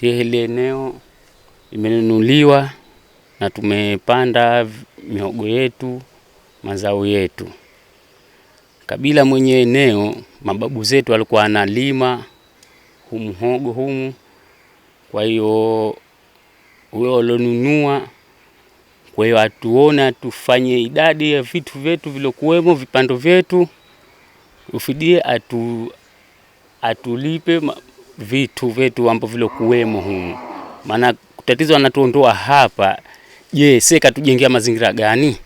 si hili eneo imenunuliwa na tumepanda mihogo yetu, mazao yetu. Kabila mwenye eneo, mababu zetu walikuwa analima humhogo humu. Kwa hiyo huyo alonunua, kwa hiyo atuona tufanye idadi ya vitu vyetu vilokuwemo vipando vyetu, ufidie atu, atulipe vitu vyetu ambavyo vilokuwemo humu, maana tatizo anatuondoa hapa. Je, sie katujengea mazingira gani?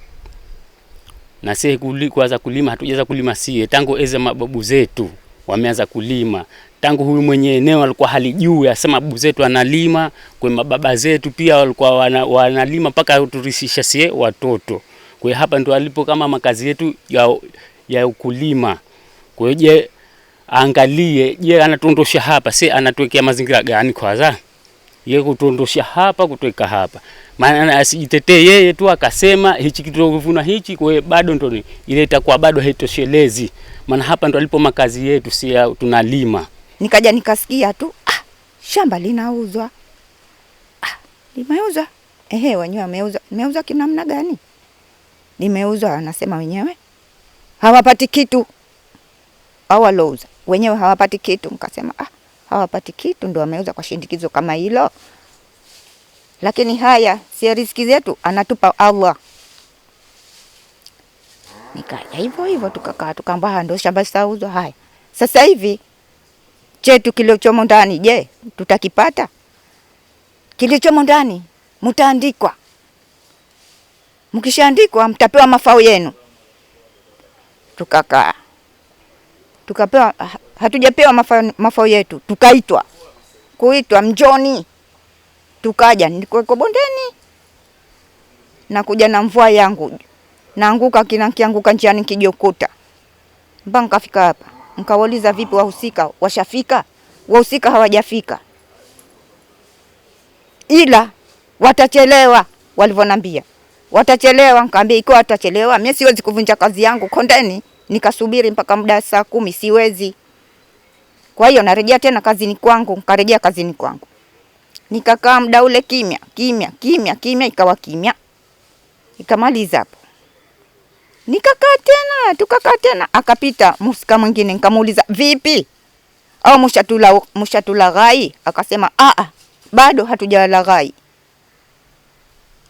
na sie kuanza kulima, hatujaanza kulima sie, tangu eze mababu zetu wameanza kulima tangu huyu mwenye eneo alikuwa halijui, asema babu zetu analima, kwa mababa zetu pia walikuwa wana, wanalima mpaka turisisha sie watoto. Kwa hiyo hapa ndo alipo kama makazi yetu ya, ya ukulima. Kwa hiyo je angalie, je, anatuondosha hapa, si anatuwekea mazingira gani kwanza ye kutuondosha hapa kutuweka hapa, maana asijitetee yeye tu akasema hichi kituvuna hichi, kwa bado ndo ile itakuwa bado haitoshelezi, maana hapa ndo alipo makazi yetu, si tunalima. Nikaja nikasikia tu ah, shamba linauzwa ah, limeuzwa. Ehe, wenyewe wameuzwa. Limeuzwa kinamna gani? Nimeuzwa wanasema wenyewe hawapati kitu, au walouza wenyewe hawapati kitu. Mkasema ah, hawapati kitu ndo wameuza kwa shindikizo kama hilo. Lakini haya si riziki zetu, anatupa Allah. Nikaja hivyo hivyo, tukakaa tukaamba, ah, ndo shamba sauzwa. Haya sasa hivi chetu kilichomo ndani, je, tutakipata? Kilichomo ndani mtaandikwa, mkishaandikwa mtapewa mafao yenu. Tukakaa tukapewa, hatujapewa mafao yetu, tukaitwa kuitwa mjoni, tukaja. Nilikuweko bondeni na kuja na mvua yangu naanguka kina kianguka njiani kijokuta mpaka nikafika hapa, nikawauliza vipi, wahusika washafika? Wahusika hawajafika ila watachelewa, walivyonambia watachelewa. Nkaambia ikiwa watachelewa, mimi siwezi kuvunja kazi yangu kondeni nikasubiri mpaka muda saa kumi, siwezi. Kwa hiyo narejea tena kazini kwangu, nikarejea kazini kwangu, nikakaa muda ule kimya kimya kimya kimya, ikawa kimya, ikamaliza hapo. Nikakaa tena tukakaa tena, akapita musika mwingine, nikamuuliza vipi, au mshatula mshatulaghai? Akasema a, bado hatujalaghai,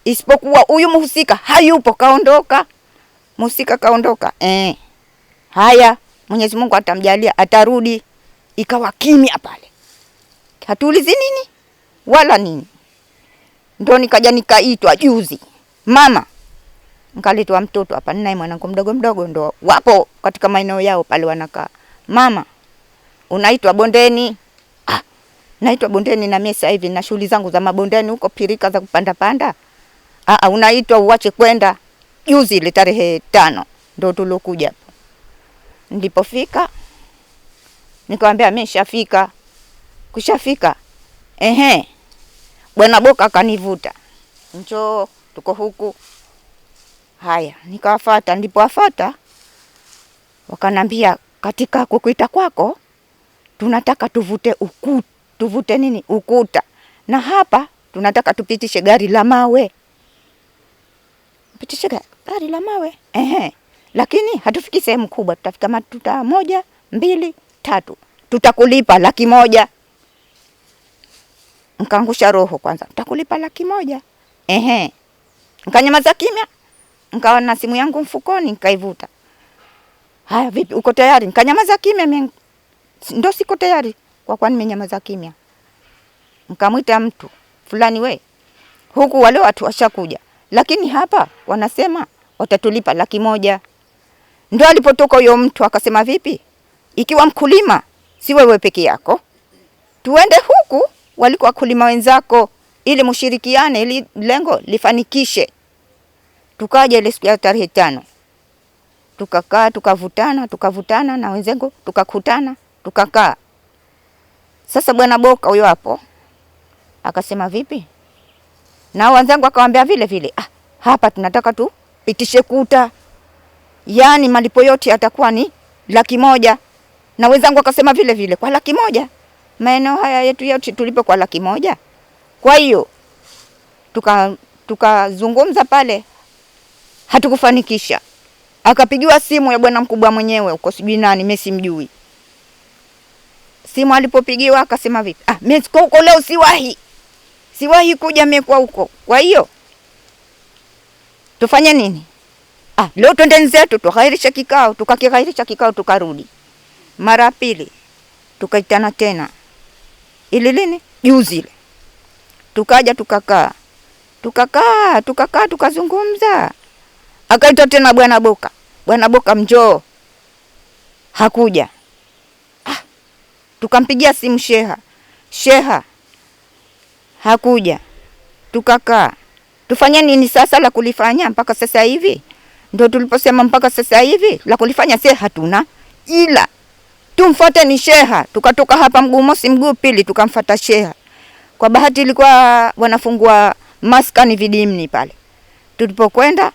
isipokuwa huyu mhusika hayupo, kaondoka. Mhusika kaondoka eh. Haya, Mwenyezi Mungu atamjalia, atarudi. Ikawa kimya pale, hatuulizi nini wala nini. Ndo nikaja nikaitwa juzi, mama, nkaletwa mtoto hapa, ninaye mwanangu mdogo mdogo, ndo wapo katika maeneo yao pale wanakaa. Mama, unaitwa bondeni. Ah, naitwa bondeni na mimi sasa hivi na shughuli zangu za mabondeni huko, pirika za kupanda panda. Ah, ah, unaitwa uache kwenda. Juzi ile tarehe tano ndo tulokuja Nilipofika nikamwambia mimi nishafika. Kushafika? Ehe. Bwana Boka akanivuta, njoo tuko huku. Haya, nikawafata. Nilipowafata wakanambia, katika kukuita kwako tunataka tuvute uku tuvute nini ukuta, na hapa tunataka tupitishe gari la mawe, pitishe gari la mawe. Ehe lakini hatufiki sehemu kubwa, tutafika matuta moja mbili tatu, tutakulipa laki moja. Nkaangusha roho kwanza, tutakulipa laki moja. Ehe, nkanyamaza kimya, nkawa na simu yangu mfukoni, nkaivuta. Haya, vipi, uko tayari? Nkanyamaza kimya, ndo siko tayari kwa kuwa nimenyamaza kimya. Nkamwita mtu fulani, we huku, wale watu washakuja, lakini hapa wanasema watatulipa laki moja. Ndio alipotoka huyo mtu akasema, vipi ikiwa mkulima si wewe peke yako, tuende huku waliko wakulima wenzako, ili mushirikiane, ili lengo lifanikishe. Tukaja ile siku ya tarehe tano, tukakaa tukavutana, tukavutana na wenzangu, tukakutana, tukakaa. Sasa bwana Boka huyo hapo akasema, vipi na wenzangu, akawambia vile vile, ah, hapa tunataka tupitishe kuta yaani malipo yote yatakuwa ni laki moja. Na wenzangu akasema vile vile kwa laki moja, maeneo haya yetu yote tulipe kwa laki moja. Kwa hiyo tuka tukazungumza pale, hatukufanikisha. Akapigiwa simu ya bwana mkubwa mwenyewe uko sijui nani, mimi simjui. Simu alipopigiwa akasema vipi, ah, mimi siko huko leo, siwahi siwahi kuja, mimi kwa huko. Kwa hiyo tufanye nini? Ah, leo twendeni nzetu, tukairisha kikao, tukakigairisha kikao, tukarudi mara pili, tukaitana tena ili lini, juzi ile, tukaja tukakaa, tukakaa tukakaa, tukazungumza. Akaita tena bwana Boka, bwana Boka mjoo, hakuja. Ah, tukampigia simu sheha, sheha hakuja. Tukakaa tufanye nini sasa la kulifanya mpaka sasa hivi ndo tuliposema mpaka sasa hivi la kulifanya sie hatuna, ila tumfuate ni sheha. Tukatoka hapa mguu mosi mguu pili, tukamfuata sheha. Kwa bahati ilikuwa wanafungua maskani vidimni pale tulipokwenda,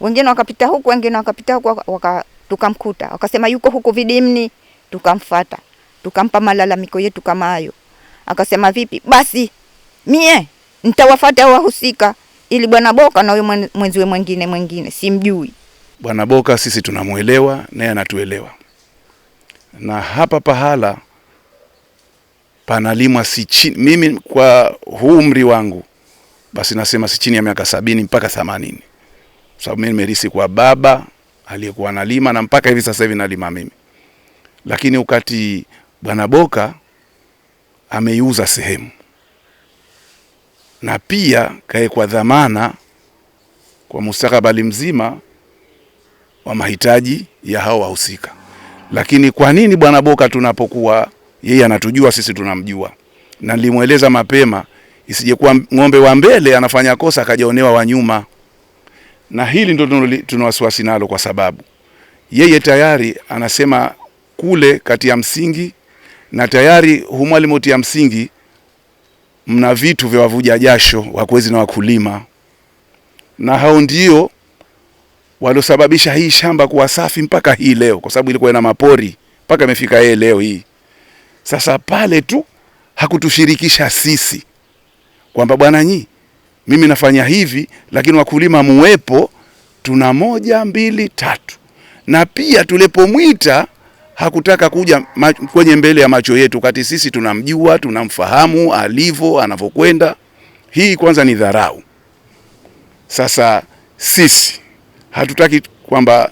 wengine wakapita huku, wengine wakapita huku, waka, tukamkuta wakasema yuko huku vidimni, tukamfuata tukampa malalamiko yetu kama hayo. Akasema vipi basi, mie nitawafuata wahusika ili bwana Boka na huyo mwenziwe mwingine mwingine simjui. Bwana Boka sisi tunamwelewa naye anatuelewa, na hapa pahala panalimwa si chini, mimi kwa huu umri wangu basi nasema si chini ya miaka sabini mpaka themanini kwa sababu mimi nimerisi kwa baba aliyekuwa analima na mpaka hivi sasa hivi nalima mimi, lakini wakati bwana Boka ameiuza sehemu na pia kawekwa dhamana kwa mustakabali mzima wa mahitaji ya hao wahusika. Lakini kwa nini bwana Boka tunapokuwa yeye anatujua sisi tunamjua, na nilimweleza mapema isije kuwa ng'ombe wa mbele anafanya kosa akajaonewa wa nyuma, na hili ndio tunawasiwasi nalo, kwa sababu yeye tayari anasema kule kati ya msingi na tayari humwalimoti ya msingi mna vitu vya wavuja jasho, wakwezi na wakulima, na hao ndio waliosababisha hii shamba kuwa safi mpaka hii leo, kwa sababu ilikuwa ina mapori mpaka imefika yeye leo hii. Sasa pale tu hakutushirikisha sisi kwamba bwana, nyi mimi nafanya hivi, lakini wakulima muwepo, tuna moja mbili tatu. Na pia tulipomwita hakutaka kuja kwenye mbele ya macho yetu, kati sisi tunamjua, tunamfahamu alivyo, anavyokwenda. Hii kwanza ni dharau. Sasa sisi hatutaki kwamba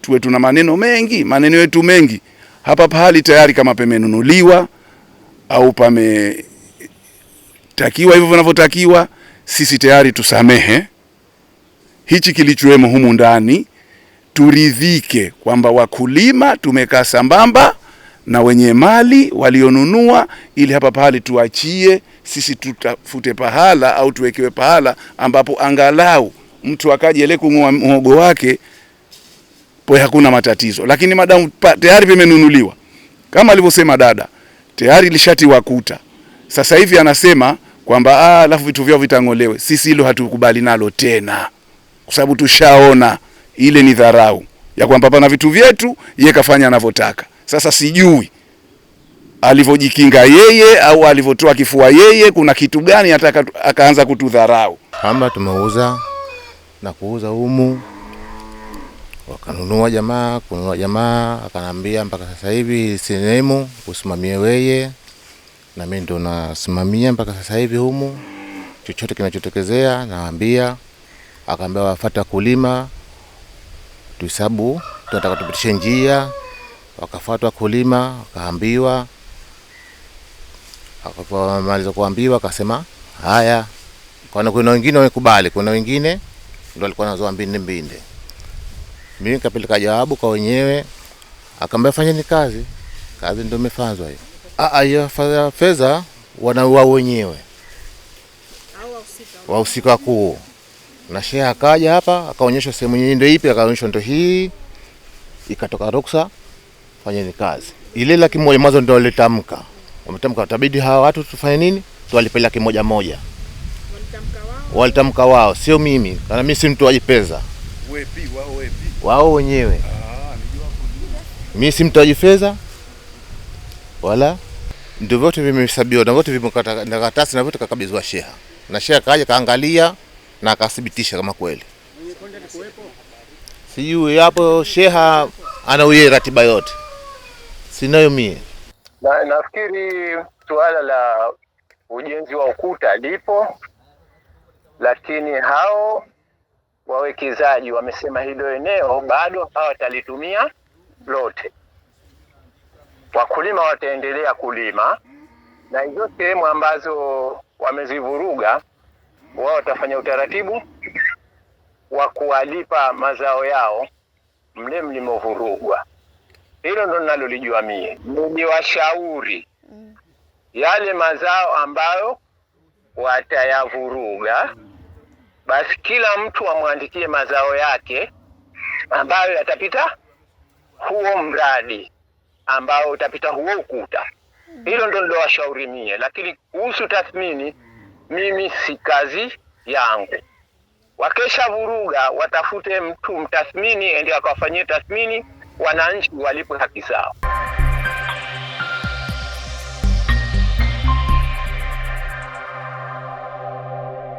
tuwe tuna maneno mengi, maneno yetu mengi hapa pahali tayari, kama pemenunuliwa au pametakiwa hivyo vinavyotakiwa, sisi tayari tusamehe hichi kilichoemo humu ndani turidhike kwamba wakulima tumekaa sambamba na wenye mali walionunua, ili hapa pahali tuachie sisi, tutafute pahala au tuwekewe pahala ambapo angalau mtu akaje ile kung'oa mhogo wake poe, hakuna matatizo. Lakini madamu tayari vimenunuliwa, kama alivyosema dada, tayari lishati wakuta Sasa hivi anasema kwamba ah, alafu vitu vyao vitang'olewe. Sisi hilo hatukubali nalo tena, kwa sababu tushaona ile ni dharau ya kwamba pana vitu vyetu, yeye kafanya anavyotaka. Sasa sijui alivyojikinga yeye au alivyotoa kifua yeye, kuna kitu gani hata akaanza kutudharau. Kama tumeuza na kuuza humu, wakanunua jamaa, kununua jamaa, akanambia mpaka sasa hivi sinemu usimamie weye, na mimi ndo nasimamia mpaka sasa hivi humu. Chochote kinachotokezea naambia, akaambia wafata kulima tuhesabu, tunataka tupitishe njia, wakafuatwa kulima, wakaambiwa, wakamaliza kuambiwa, akasema haya, kwani kuna wengine wamekubali, kuna wengine ndio walikuwa nazoa mbinde mbinde. Mimi nikapeleka jawabu kwa wenyewe, akaambia fanyeni kazi, kazi ndio imefanzwa hiyo. Ah, ah, hiyo fedha wanaua wenyewe wahusika wakuu na shehe akaja hapa akaonyeshwa sehemu nyingine ndio ipi, akaonyeshwa ndio hii, ikatoka ruksa, fanyeni kazi ile. Laki moja mwanzo ndio walitamka, wametamka tabidi hawa watu tufanye nini, tuwalipe laki moja moja. Walitamka wao, sio mimi, kana mimi si mtu wajipeza, wao wenyewe. Ah, mi si mtu wajifedha wala ndio, vyote vimehesabiwa na vyote vimekata na karatasi na vyote kakabidhiwa sheha, na sheha kaja kaangalia na akathibitisha kama kweli. Sijui hapo sheha anauye ratiba yote sinayo mie na, nafikiri suala la ujenzi wa ukuta lipo, lakini hao wawekezaji wamesema hilo eneo bado hawatalitumia lote. Wakulima wataendelea kulima na hizo sehemu ambazo wamezivuruga wao watafanya utaratibu wa kuwalipa mazao yao mle mlimovurugwa. Hilo ndo nalolijua mie. Niliwashauri yale mazao ambayo watayavuruga, basi kila mtu amwandikie mazao yake ambayo yatapita huo mradi ambao utapita huo ukuta. Hilo ndo nilowashauri mie, lakini kuhusu tathmini mimi si kazi yangu. Wakesha vuruga, watafute mtu mtathmini, ende akawafanyie tathmini, wananchi walipwe haki zao.